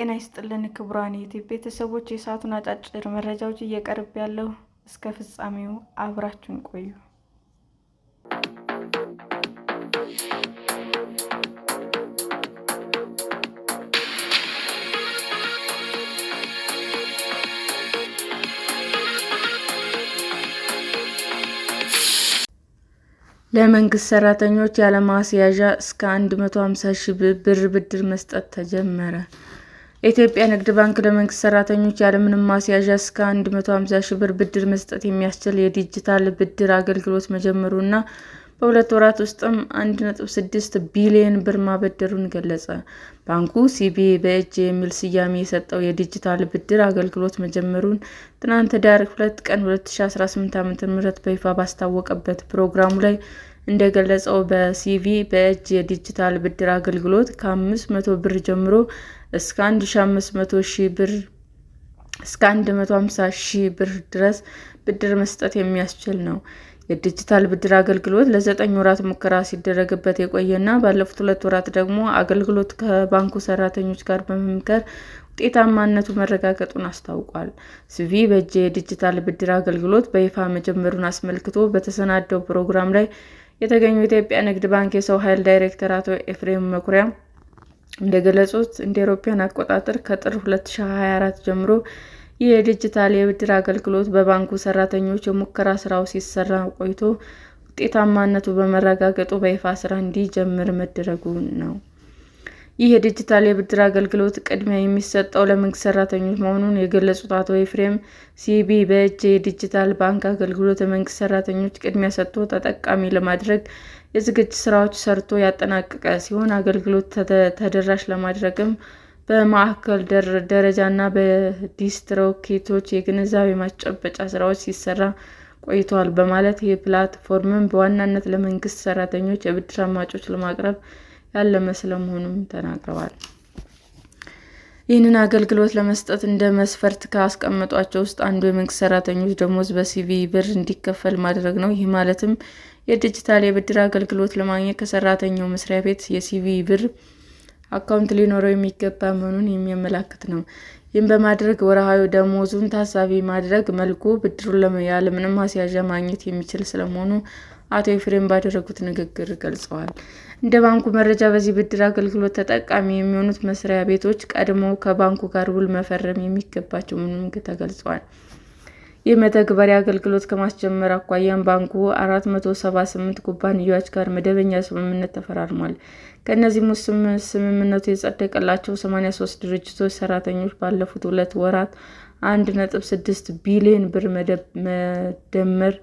ጤና ይስጥልን ክቡራን ዩቲዩብ ቤተሰቦች፣ የሰዓቱን አጫጭር መረጃዎች እየቀርብ ያለው እስከ ፍጻሜው አብራችን ቆዩ። ለመንግስት ሰራተኞች ያለማስያዣ እስከ 150 ሺህ ብር ብድር መስጠት ተጀመረ። የኢትዮጵያ ንግድ ባንክ ለመንግስት ሰራተኞች ያለምንም ማስያዣ እስከ 150 ሺህ ብር ብድር መስጠት የሚያስችል የዲጂታል ብድር አገልግሎት መጀመሩና በሁለት ወራት ውስጥም 1.6 ቢሊዮን ብር ማበደሩን ገለጸ። ባንኩ ሲቢኢ በእጅ የሚል ስያሜ የሰጠው የዲጂታል ብድር አገልግሎት መጀመሩን ትናንት ኅዳር 2 ቀን 2018 ዓ.ም በይፋ ባስታወቀበት ፕሮግራሙ ላይ እንደገለጸው በሲቢኢ በእጅ የዲጂታል ብድር አገልግሎት ከ500 ብር ጀምሮ እስከ 1,500 ሺህ ብር እስከ 150 ሺህ ብር ድረስ ብድር መስጠት የሚያስችል ነው። የዲጂታል ብድር አገልግሎት ለዘጠኝ ወራት ሙከራ ሲደረግበት የቆየና ባለፉት ሁለት ወራት ደግሞ አገልግሎት ከባንኩ ሰራተኞች ጋር በመምከር ውጤታማነቱ መረጋገጡን አስታውቋል። ስቪ በእጅ የዲጂታል ብድር አገልግሎት በይፋ መጀመሩን አስመልክቶ በተሰናደው ፕሮግራም ላይ የተገኙ የኢትዮጵያ ንግድ ባንክ የሰው ኃይል ዳይሬክተር አቶ ኤፍሬም መኩሪያ እንደገለጹት እንደ አውሮፓውያን አቆጣጠር ከጥር 2024 ጀምሮ የዲጂታል የብድር አገልግሎት በባንኩ ሰራተኞች የሙከራ ስራው ሲሰራ ቆይቶ ውጤታማነቱ በመረጋገጡ በይፋ ስራ እንዲጀምር መደረጉ ነው። ይህ የዲጂታል የብድር አገልግሎት ቅድሚያ የሚሰጠው ለመንግስት ሰራተኞች መሆኑን የገለጹት አቶ ኤፍሬም ሲቢ በእጄ የዲጂታል ባንክ አገልግሎት የመንግስት ሰራተኞች ቅድሚያ ሰጥቶ ተጠቃሚ ለማድረግ የዝግጅት ስራዎች ሰርቶ ያጠናቀቀ ሲሆን አገልግሎት ተደራሽ ለማድረግም በማዕከል ደረጃና በዲስትሮኬቶች የግንዛቤ ማስጨበጫ ስራዎች ሲሰራ ቆይተዋል በማለት ፕላትፎርምም በዋናነት ለመንግስት ሰራተኞች የብድር አማራጮችን ለማቅረብ ያለመ ስለመሆኑም ተናግረዋል። ይህንን አገልግሎት ለመስጠት እንደ መስፈርት ካስቀመጧቸው ውስጥ አንዱ የመንግስት ሰራተኞች ደሞዝ በሲቪ ብር እንዲከፈል ማድረግ ነው። ይህ ማለትም የዲጂታል የብድር አገልግሎት ለማግኘት ከሰራተኛው መስሪያ ቤት የሲቪ ብር አካውንት ሊኖረው የሚገባ መሆኑን የሚያመላክት ነው። ይህም በማድረግ ወርሃዊ ደመወዙን ታሳቢ ማድረግ መልኩ ብድሩን ያለምንም ማስያዣ ማግኘት የሚችል ስለመሆኑ አቶ ኤፍሬም ባደረጉት ንግግር ገልጸዋል። እንደ ባንኩ መረጃ በዚህ ብድር አገልግሎት ተጠቃሚ የሚሆኑት መስሪያ ቤቶች ቀድሞ ከባንኩ ጋር ውል መፈረም የሚገባቸው መሆኑም ተገልጿል። የመተግበሪያ አገልግሎት ከማስጀመር አኳያም ባንኩ 478 ኩባንያዎች ጋር መደበኛ ስምምነት ተፈራርሟል። ከእነዚህም ውስጥ ስምምነቱ የጸደቀላቸው 83 ድርጅቶች ሰራተኞች ባለፉት ሁለት ወራት 1.6 ቢሊዮን ብር መደመር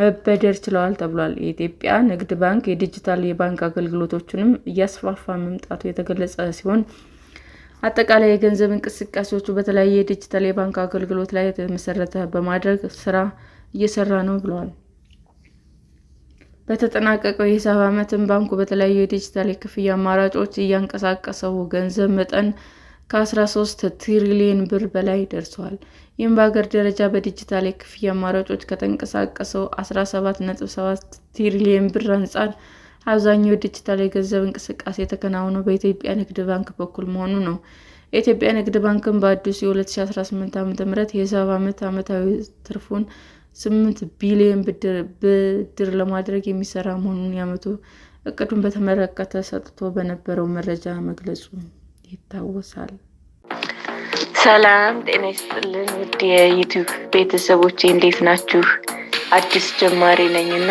መበደር ችለዋል ተብሏል። የኢትዮጵያ ንግድ ባንክ የዲጂታል የባንክ አገልግሎቶችንም እያስፋፋ መምጣቱ የተገለጸ ሲሆን አጠቃላይ የገንዘብ እንቅስቃሴዎቹ በተለያየ የዲጂታል የባንክ አገልግሎት ላይ የተመሰረተ በማድረግ ስራ እየሰራ ነው ብለዋል። በተጠናቀቀው የሂሳብ ዓመትም ባንኩ በተለያዩ የዲጂታል የክፍያ አማራጮች እያንቀሳቀሰው ገንዘብ መጠን ከ13 ትሪሊየን ብር በላይ ደርሷል። ይህም በሀገር ደረጃ በዲጂታል የክፍያ አማራጮች ከተንቀሳቀሰው 17.7 ትሪሊየን ብር አንጻር አብዛኛው ዲጂታል የገንዘብ እንቅስቃሴ የተከናወነው በኢትዮጵያ ንግድ ባንክ በኩል መሆኑ ነው። የኢትዮጵያ ንግድ ባንክም በአዲሱ የ2018 ዓ.ም የሂሳብ ዓመት ዓመታዊ ትርፉን 8 ቢሊዮን ብድር ለማድረግ የሚሰራ መሆኑን የዓመቱ እቅዱን በተመለከተ ሰጥቶ በነበረው መረጃ መግለጹ ይታወሳል። ሰላም ጤና ይስጥልን ውድ የዩቱብ ቤተሰቦች እንዴት ናችሁ? አዲስ ጀማሪ ነኝና